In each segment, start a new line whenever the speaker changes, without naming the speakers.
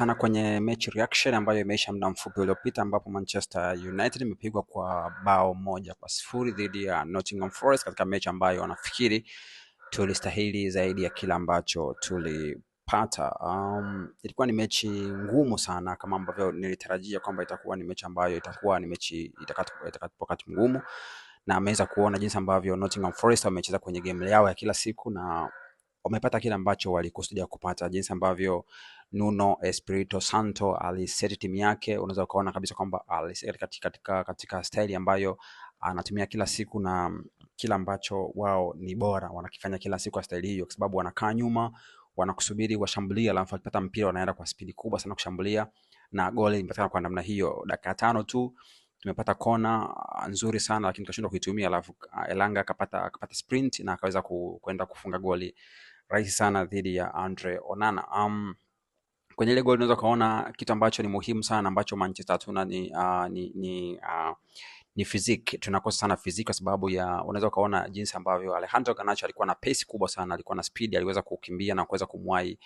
sana kwenye mechi reaction ambayo imeisha muda mfupi uliopita ambapo Manchester United imepigwa kwa bao moja kwa sifuri dhidi ya Nottingham Forest katika mechi ambayo wanafikiri tulistahili zaidi ya kile ambacho tulipata. Um, ilikuwa ni mechi ngumu sana kama ambavyo nilitarajia kwamba itakuwa ni mechi ambayo itakuwa ni mechi itakatupa wakati mgumu, na ameweza kuona jinsi ambavyo Nottingham Forest wamecheza kwenye game yao ya kila siku na wamepata kile ambacho walikusudia kupata, jinsi ambavyo Nuno Espirito Santo aliseti timu yake. Unaweza ukaona kabisa kwamba aliseti katika, katika, katika staili ambayo anatumia kila siku na kila ambacho wao ni bora wanakifanya kila siku kwa staili hiyo, kwa sababu wanakaa nyuma, wanakusubiri washambulia, alafu akipata mpira wanaenda kwa spidi kubwa sana kushambulia, na goli limepatikana kwa namna hiyo. Dakika tano tu tumepata kona nzuri sana lakini kashindwa kuitumia, alafu Elanga akapata akapata sprint na akaweza ku, kuenda kufunga goli rahisi sana dhidi ya Andre Onana. Um, kwenye ile goli unaweza ukaona kitu ambacho ni muhimu sana ambacho Manchester tuna ni, uh, ni, ni, uh, ni physique. Tunakosa sana physique kwa sababu ya unaweza ukaona jinsi ambavyo Alejandro Garnacho alikuwa na pace kubwa sana, alikuwa na speed, aliweza kukimbia na kuweza kumwahi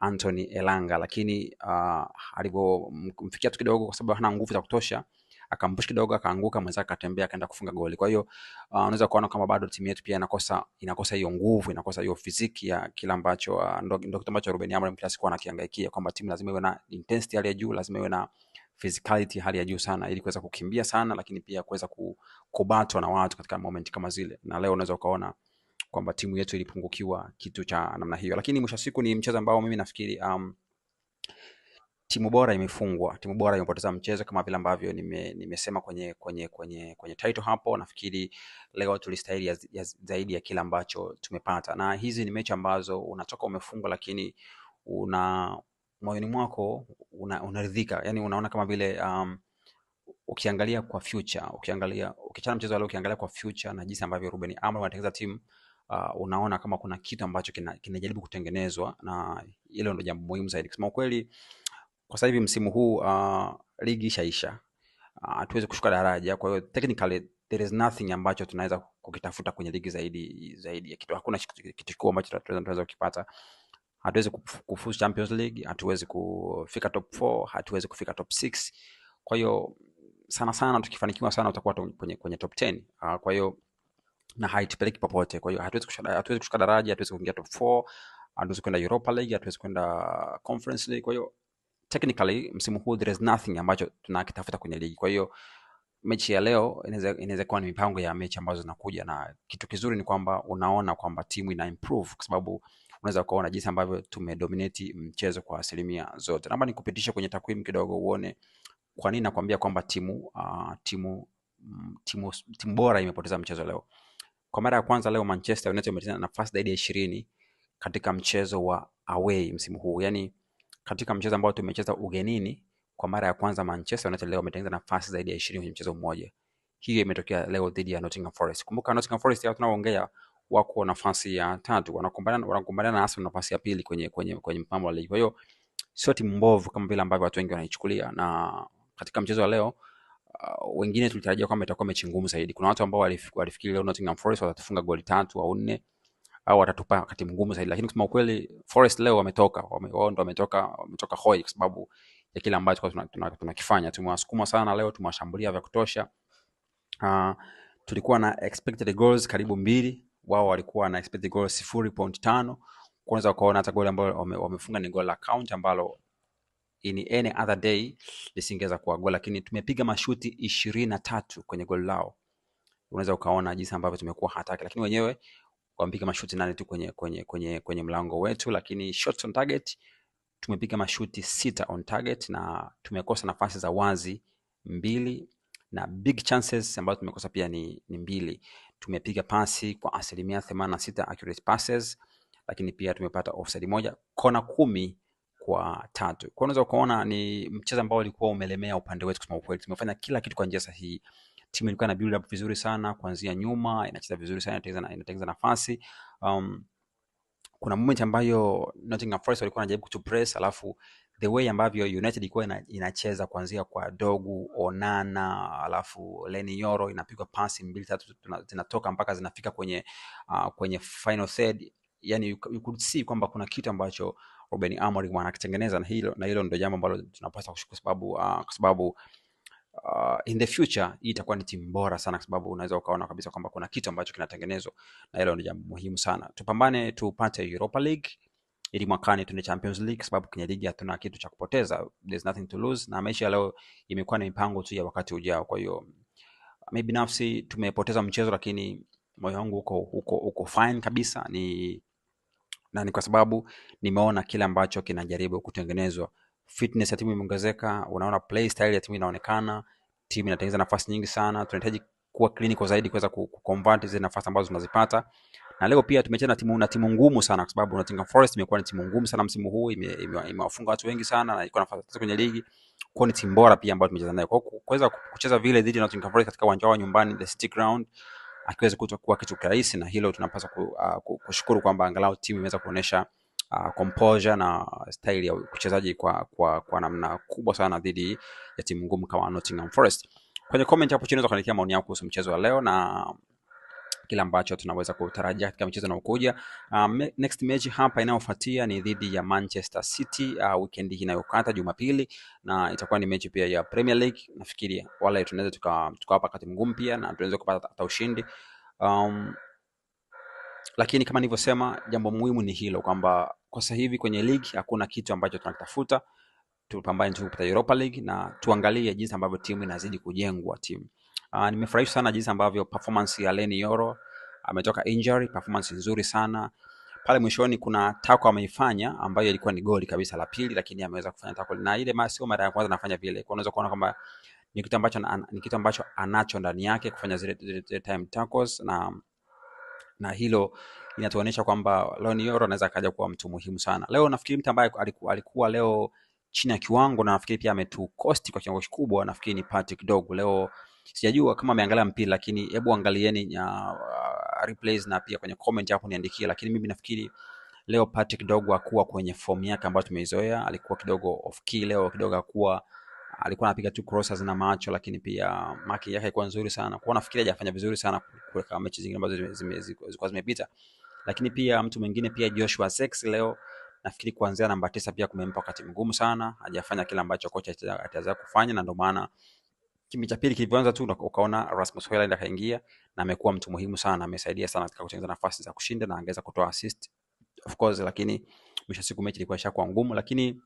Anthony Elanga, lakini uh, alivyomfikia tu kidogo, kwa sababu hana nguvu za kutosha akampush kidogo, akaanguka, mwenzake akatembea akaenda kufunga goli. Kwa hiyo uh, unaweza kuona kama bado timu yetu pia inakosa inakosa hiyo nguvu, inakosa hiyo fiziki ya kila ambacho uh, ndo kitu ambacho Ruben Amorim kila siku anakiangaikia kwamba timu lazima iwe na intensity hali ya juu, lazima iwe na physicality hali ya juu sana ili kuweza kukimbia sana, lakini pia kuweza kubatwa na watu katika moment kama zile, na leo unaweza ukaona kwamba timu yetu ilipungukiwa kitu cha namna hiyo, lakini mwisho siku ni mchezo ambao mimi nafikiri um, timu bora imefungwa, timu bora imepoteza mchezo kama vile ambavyo nime, nimesema kwenye, kwenye, kwenye, kwenye title hapo. Nafikiri leo tulistahili ya, ya, zaidi ya kile ambacho tumepata, na hizi ni mechi ambazo unatoka umefungwa, lakini una moyoni mwako unaridhika una yani, unaona kama vile um, ukiangalia kwa future, ukiangalia ukichana mchezo leo, ukiangalia kwa future na jinsi ambavyo Ruben Amorim anatengeneza timu uh, unaona kama kuna kitu ambacho kinajaribu kina kutengenezwa, na hilo ndio jambo muhimu zaidi kusema ukweli kwa sasa hivi msimu huu uh, ligi ishaisha, ah, hatuwezi uh, kushuka daraja. Kwa hiyo technically there is nothing ambacho tunaweza kukitafuta kwenye ligi zaidi zaidi ya kitu, hakuna kitu kikubwa ambacho tunaweza kukipata. Hatuwezi kufuzu Champions League, hatuwezi kufika top 4, hatuwezi kufika top 6. Kwa hiyo sana sana tukifanikiwa sana utakuwa kwenye, kwenye top 10. Uh, ah, kwa hiyo na haitupeleki popote. Kwa hiyo hatuwezi kushuka, hatuwezi kushuka daraja, hatuwezi kuingia top 4, hatuwezi kwenda Europa League, hatuwezi kwenda Conference League. Kwa hiyo technically msimu huu there is nothing ambacho tunakitafuta kwenye ligi. Kwa hiyo mechi ya leo inaweza kuwa ni mipango ya mechi ambazo zinakuja, na kitu kizuri ni kwamba unaona kwamba timu ina improve kwa sababu unaweza ukaona jinsi ambavyo tumedominate mchezo kwa asilimia zote. Naomba nikupitishe kwenye takwimu kidogo uone kwa nini nakwambia kwamba timu, uh, timu, timu, timu bora imepoteza mchezo leo. Kwa mara ya kwanza leo Manchester United imepoteza nafasi zaidi ya ishirini katika mchezo wa away msimu huu, yani katika mchezo ambao tumecheza ugenini kwa mara ya kwanza Manchester United leo wametengeneza nafasi zaidi ya 20 kwenye mchezo mmoja. Hiyo imetokea leo dhidi ya Nottingham Forest. Kumbuka Nottingham Forest hao tunaoongea wako nafasi ya tatu, wanakumbana wanakumbana na Arsenal nafasi ya pili kwenye kwenye kwenye mpango wa ligi. Kwa hiyo sio timu mbovu kama vile ambavyo watu wengi wanaichukulia, na katika mchezo wa leo uh, wengine tulitarajia kwamba itakuwa mechi ngumu zaidi. Kuna watu ambao walifikiri leo Nottingham Forest watatufunga goli tatu au nne au watatupa wakati mgumu zaidi, lakini kusema ukweli Forest leo wametoka wao ndo wametoka wametoka hoi kwa sababu ya kile ambacho tunakifanya tuna, tuna tumewasukuma sana leo, tumewashambulia vya kutosha. Uh, tulikuwa na expected goals karibu mbili, wao walikuwa na expected goals sifuri point tano. Kwanza ukaona hata goli ambalo wamefunga ni goli la count ambalo in any other day lisingeweza kuwa goli, lakini tumepiga mashuti ishirini na tatu kwenye goli lao. Unaweza ukaona jinsi ambavyo tumekuwa hataki, lakini wenyewe wamepiga mashuti nane tu kwenye, kwenye, kwenye, kwenye mlango wetu, lakini shots on target tumepiga mashuti sita on target na tumekosa nafasi za wazi mbili na big chances ambazo tumekosa pia ni, ni mbili. Tumepiga pasi kwa asilimia sita accurate passes, lakini pia tumepata offside moja, kona kumi kwa tatu. Kwa unaweza ukaona ni mchezo ambao ulikuwa umelemea upande wetu, kusema ukweli. Tumefanya kila kitu kwa njia sahihi timu ilikuwa na build up vizuri sana kuanzia nyuma, inacheza vizuri sana, inatengeneza nafasi um, kuna moment ambayo Nottingham Forest walikuwa wanajaribu to press alafu the way ambavyo United ilikuwa ina, inacheza kuanzia kwa Dogu, Onana, alafu Leni Yoro inapigwa pasi mbili tatu zinatoka mpaka zinafika kwenye uh, kwenye final third, yani you, you could see kwamba kuna kitu ambacho Ruben Amorim anakitengeneza na hilo na hilo ndio jambo ambalo tunapaswa kushukuru sababu uh, kwa sababu uh, in the future hii itakuwa ni timu bora sana, kwa sababu unaweza ukaona kabisa kwamba kuna kitu ambacho kinatengenezwa, na hilo ni jambo muhimu sana. Tupambane tupate Europa League ili mwakani tuende Champions League, sababu kwenye ligi hatuna kitu cha kupoteza, there's nothing to lose, na maisha leo imekuwa na mipango tu ya wakati ujao. Kwa hiyo mimi binafsi tumepoteza mchezo, lakini moyo wangu uko uko uko fine kabisa, ni na ni kwa sababu nimeona kile ambacho kinajaribu kutengenezwa fitness ya timu imeongezeka, unaona play style ya timu inaonekana, timu inatengeneza nafasi nyingi sana. Tunahitaji kuwa clinical zaidi kuweza kuconvert zile nafasi ambazo tunazipata. Na leo pia tumecheza na timu na timu ngumu sana kwa sababu Nottingham Forest imekuwa ni timu ngumu sana msimu huu, imewafunga watu wengi sana na iko na nafasi kwenye ligi. Kwa ni timu bora pia ambayo tumecheza nayo. Kwa kuweza kucheza vile dhidi ya Nottingham Forest katika uwanja wao nyumbani the City Ground akiweza kutokuwa kitu kirahisi, na hilo tunapaswa ah, kushukuru kwamba angalau timu imeweza kuonesha uh, composure na staili ya uchezaji kwa, kwa, kwa namna kubwa sana dhidi ya timu ngumu kama Nottingham Forest. Kwenye comment hapo chini unaweza kuandikia maoni yako kuhusu mchezo wa leo na kile ambacho tunaweza kutarajia katika michezo inayokuja. Um, uh, next mechi hapa inayofuatia ni dhidi ya Manchester City uh, weekend hii inayokata Jumapili, na itakuwa ni mechi pia ya Premier League. Nafikiri wala tunaweza tukawapa tuka wakati mgumu pia na tunaweza kupata hata ushindi um, lakini kama nilivyosema, jambo muhimu ni hilo kwamba kwa sasa hivi kwenye ligi hakuna kitu ambacho tunakitafuta. Tupambane tu kupata Europa League na tuangalie jinsi ambavyo timu inazidi kujengwa timu. Uh, ah, nimefurahi sana jinsi ambavyo performance ya Leny Yoro ametoka injury, performance nzuri sana pale mwishoni. Kuna tako ameifanya ambayo ilikuwa ni goli kabisa la pili, lakini ameweza kufanya tako na ile, sio mara ya kwanza anafanya vile, kwa unaweza kuona kwamba ni kitu ambacho ni kitu ambacho anacho ndani yake kufanya zile, zile time tackles na na hilo inatuonyesha kwamba Leon Yoro anaweza akaja kuwa mtu muhimu sana. Leo nafikiri mtu ambaye alikuwa, alikuwa leo chini ya kiwango na nafikiri pia cost kwa kiwango kikubwa, nafikiri ni Patrick Dog. Leo sijajua kama ameangalia mpira, lakini hebu angalieni uh, replays na pia kwenye comment hapo niandikie, lakini mimi nafikiri leo Patrick Dog hakuwa kwenye form yake ambayo tumeizoea, alikuwa kidogo off key leo, kidogo hakuwa alikuwa anapiga tu crosses na macho, lakini pia marking yake ilikuwa nzuri sana. Kwa nafikiria hajafanya vizuri sana kwa mechi zingine ambazo zimezikuwa zimepita. Lakini pia mtu mwingine pia Joshua Sex leo nafikiri kuanzia namba tisa pia kumempa wakati mgumu sana, hajafanya kile ambacho kocha ataweza kufanya, na ndio maana kipindi cha pili kilivyoanza tu ukaona Rasmus Hojlund akaingia na amekuwa mtu muhimu sana, amesaidia sana katika kutengeneza nafasi za kushinda na angeza kutoa assist of course, lakini mwisho siku mechi ilikuwa ishakuwa ngumu, lakini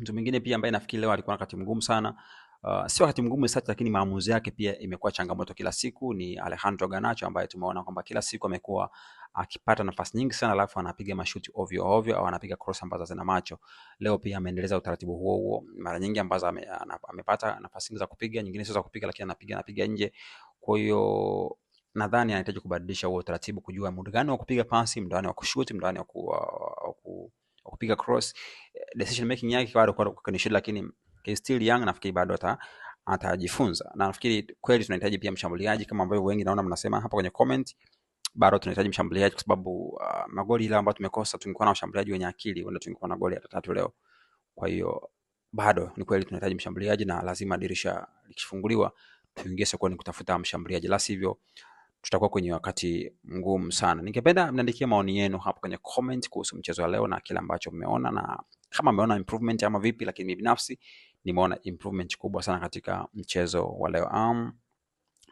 Mtu mwingine pia ambaye nafikiri leo alikuwa na wakati mgumu sana uh, sio wakati mgumu sana lakini maamuzi yake pia imekuwa changamoto kila siku ni Alejandro ganacho ambaye tumeona kwamba kila siku amekuwa akipata nafasi nyingi sana alafu anapiga mashuti ovyo ovyo au anapiga cross ambazo zina macho. Leo pia ameendeleza utaratibu huo huo, mara nyingi ambazo ame, amepata nafasi nyingi za kupiga, nyingine sio za kupiga, lakini anapiga anapiga nje. Kwa hiyo nadhani anahitaji kubadilisha huo utaratibu, kujua muda gani wa kupiga pasi, muda wa kushuti, muda wa ku, uh, ku kupiga cross, eh, decision making yake bado kwa ni shida, lakini he still young, nafikiri bado ata atajifunza, na nafikiri kweli tunahitaji pia mshambuliaji kama ambavyo wengi naona mnasema hapa kwenye comment bado tunahitaji mshambuliaji kwa sababu uh, magoli ile ambayo tumekosa, tungekuwa na mshambuliaji wenye akili wenda tungekuwa na goli hata tatu leo. Kwa hiyo bado ni kweli tunahitaji mshambuliaji na lazima dirisha likifunguliwa tuingie sokoni kutafuta mshambuliaji, la sivyo tutakuwa kwenye wakati mgumu sana. Ningependa mniandikia maoni yenu hapo kwenye comment kuhusu mchezo wa leo na kile ambacho mmeona na kama mmeona improvement ama vipi, lakini mimi binafsi nimeona improvement kubwa sana katika mchezo wa leo. Um,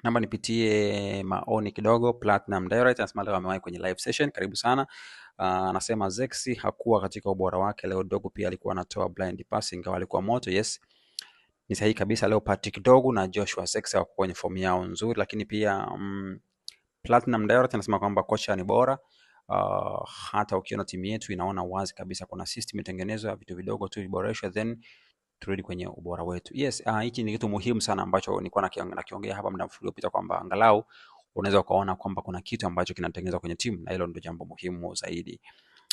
namba nipitie maoni kidogo. Platinum Direct anasema leo amewahi kwenye live session, karibu sana. Uh, anasema uh, Zexi hakuwa katika ubora wake leo, dogo pia alikuwa anatoa blind passing ingawa alikuwa moto. Yes, ni sahihi kabisa. Leo Patrick Dogu na Joshua Zexi wako kwenye fomu yao nzuri, lakini pia um, Platinum Direct anasema kwamba kocha ni bora. Uh, hata ukiona timu yetu inaona wazi kabisa kuna system itengenezwa vitu vidogo tu viboreshwe, then turudi kwenye ubora wetu. Yes, uh, hiki uh, ni kitu muhimu sana ambacho nilikuwa nakiongea hapa muda mfupi uliopita kwamba angalau unaweza ukaona kwamba kuna kitu ambacho kinatengenezwa kwenye timu na hilo ndio jambo muhimu zaidi.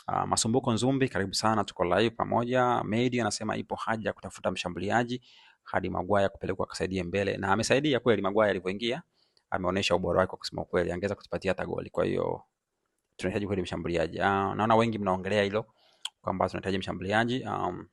Uh, Masumbuko Nzumbi, karibu sana, tuko live pamoja. Medi anasema ipo haja ya kutafuta mshambuliaji hadi Magwaya kupelekwa akasaidia mbele, na amesaidia kweli Magwaya alivyoingia ameonyesha ubora wake kwa kusema kweli, angeweza kutupatia hata goli. Kwa hiyo tunahitaji kweli mshambuliaji. Uh, naona wengi mnaongelea hilo kwamba tunahitaji mshambuliaji. Um,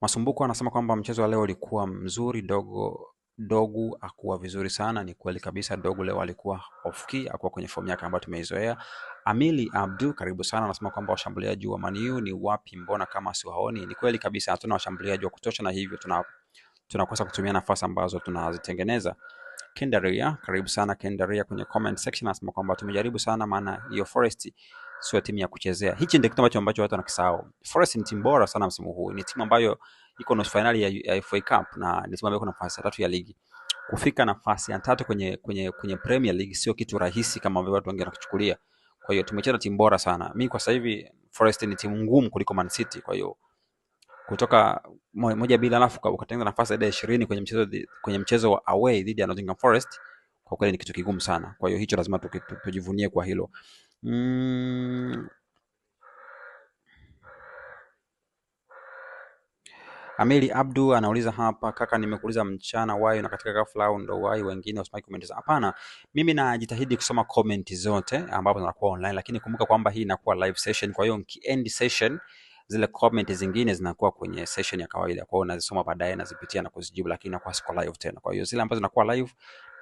Masumbuko anasema kwamba mchezo wa leo ulikuwa mzuri, dogo Dogu akuwa vizuri sana. Ni kweli kabisa, Dogu leo alikuwa off key, akuwa kwenye fomu yake ambayo tumeizoea. Amili Abdu, karibu sana, anasema kwamba washambuliaji wa Maniu ni wapi? Mbona kama siwaoni? Ni kweli kabisa, hatuna washambuliaji wa kutosha, na hivyo tuna tunakosa kutumia nafasi ambazo tunazitengeneza. Kendaria, karibu sana Kendaria kwenye comment section, anasema kwamba tumejaribu sana, maana hiyo Forest sio timu ya kuchezea. Hichi ndio kitu ambacho ambacho watu wanakisahau. Forest ni timu bora sana msimu huu, ni timu ambayo iko nusu finali ya ya FA Cup na ni timu ambayo iko nafasi ya tatu ya ligi. Kufika nafasi ya tatu kwenye kwenye kwenye Premier League sio kitu rahisi kama ambavyo watu wengi wanakuchukulia. Kwa hiyo tumecheza timu bora sana. Mimi kwa sasa hivi Forest ni timu ngumu kuliko Man City, kwa hiyo kutoka moja bila, alafu ukatengeneza nafasi zaidi ya ishirini kwenye mchezo kwenye mchezo wa away dhidi ya Nottingham Forest, kwa kweli ni kitu kigumu sana. Kwa hiyo hicho lazima tujivunie kwa hilo mm. Amili Abdu anauliza hapa, kaka, nimekuuliza mchana wai na katika ghafla au ndo wai wengine wasimaki comment. Hapana, mimi najitahidi kusoma comment zote ambapo zinakuwa online, lakini kumbuka kwamba hii inakuwa live session, kwa hiyo end session zile comment zingine zinakuwa kwenye session ya kawaida, kwa hiyo nazisoma baadaye, nazipitia na kuzijibu, lakini nakuwa siko live tena. Kwa hiyo zile ambazo zinakuwa live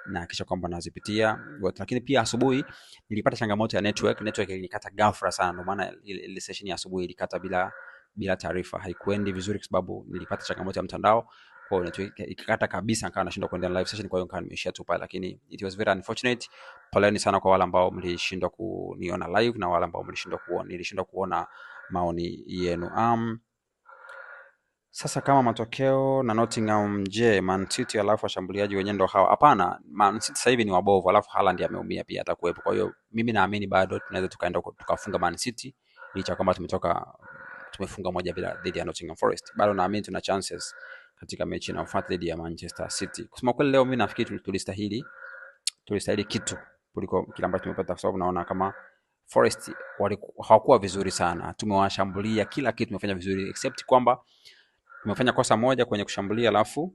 na kisha kwamba nazipitia. Lakini pia asubuhi nilipata changamoto ya network, network ilinikata ghafla sana, ndio maana ile session ya asubuhi ilikata bila bila taarifa, haikuendi vizuri kwa sababu nilipata changamoto ya mtandao kwa network ikakata kabisa, nikawa nashindwa kuendelea live session, kwa hiyo nikawa nimeishia tu pale, lakini it was very unfortunate. Poleni sana kwa wale ambao mlishindwa kuniona live na wale ambao mlishindwa kuona nilishindwa kuona maoni yenu. Um, sasa kama matokeo na Nottingham, je, Man City alafu washambuliaji wenyewe ndo hawa? Hapana, Man City sasa hivi ni wabovu, alafu Haaland ameumia pia atakuwepo. Kwa hiyo mimi naamini bado tunaweza tukaenda tukafunga Man City licha kwamba tumetoka tumefunga moja bila dhidi ya Nottingham Forest. Bado naamini tuna chances katika mechi inayofuata dhidi ya Manchester City. Kusema kweli, leo mimi nafikiri tulistahili tulistahili kitu kuliko kile ambacho tumepata, kwa sababu naona kama Forest hawakuwa vizuri sana, tumewashambulia kila kitu, tumefanya vizuri except kwamba tumefanya kosa moja kwenye kushambulia, alafu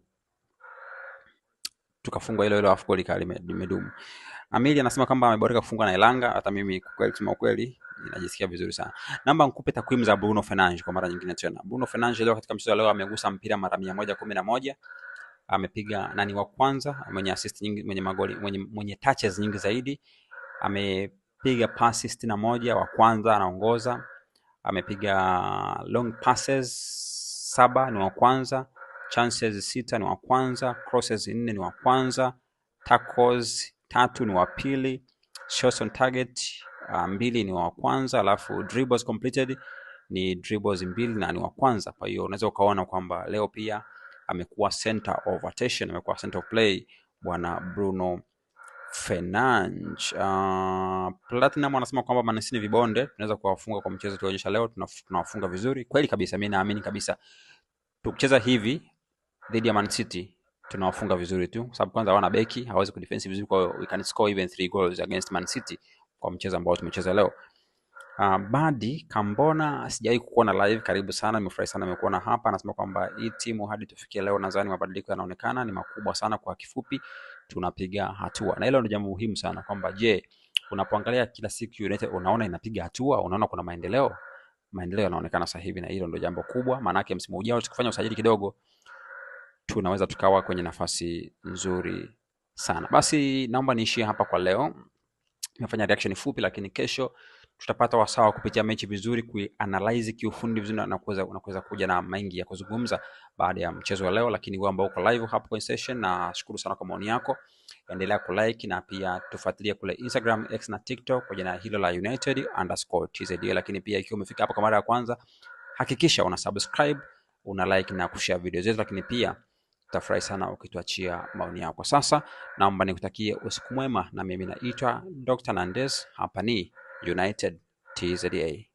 tukafungwa hilo hilo, alafu goli kali limedumu. Amili anasema kwamba ameboreka kufunga na Elanga. Hata mimi kwa kweli, kusema kweli, najisikia vizuri sana. Naomba nikupe takwimu za Bruno Fernandes kwa mara nyingine tena. Bruno Fernandes leo katika mchezo leo amegusa mpira mara 111 moja na moja amepiga nani wa kwanza mwenye assist nyingi, mwenye magoli, mwenye, mwenye touches nyingi zaidi ame amepiga pasi sitini na moja, wa kwanza anaongoza. Amepiga long passes saba, ni wa kwanza. Chances sita, ni wa kwanza. Crosses nne, ni wa kwanza. Tackles tatu, ni wa pili. Shots on target uh, mbili, ni wa kwanza, alafu dribbles completed ni dribbles mbili na ni wa kwanza. Kwa hiyo unaweza ukaona kwamba leo pia amekuwa center of attention, amekuwa center of play bwana Bruno Fernandes. Uh, ah, Platinum anasema kwamba Man City ni vibonde, tunaweza kuwafunga kwa mchezo tulionyesha leo, tunawafunga vizuri kweli kabisa. Mimi naamini kabisa tukicheza hivi dhidi ya Man City tunawafunga vizuri tu, sababu kwanza hawana beki, hawezi kudefense vizuri, kwa hiyo we can score even 3 goals against Man City kwa mchezo ambao tumecheza leo. Uh, Badi Kambona, sijawahi kukuona live, karibu sana, nimefurahi sana nimekuona hapa. Anasema kwamba hii timu hadi tufikie leo, nadhani mabadiliko yanaonekana ni makubwa sana. Kwa kifupi tunapiga hatua, na hilo ndio jambo muhimu sana kwamba, je, unapoangalia kila siku United unaona inapiga hatua, unaona kuna maendeleo, maendeleo yanaonekana sasa hivi, na hilo ndio jambo kubwa. Maana yake msimu ujao tukifanya usajili kidogo, tunaweza tukawa kwenye nafasi nzuri sana. Basi naomba niishie hapa kwa leo. Nimefanya reaction fupi, lakini kesho tutapata wasawa kupitia mechi vizuri, kuanalyze kiufundi vizuri, na kuweza kuja na mengi ya kuzungumza baada ya mchezo wa leo. Lakini wewe ambao uko live hapo kwenye session, na shukuru sana kwa maoni yako, endelea ku like na pia tufuatilie kule Instagram, X na TikTok kwa jina hilo la United_TZA. Lakini pia ikiwa umefika hapo kwa mara ya kwanza, hakikisha una subscribe, una like na kushare video zetu, lakini pia tafurahi sana ukituachia maoni yako. Sasa naomba nikutakie usiku mwema, na mimi naitwa Dr. Nandes, hapa ni United TZA.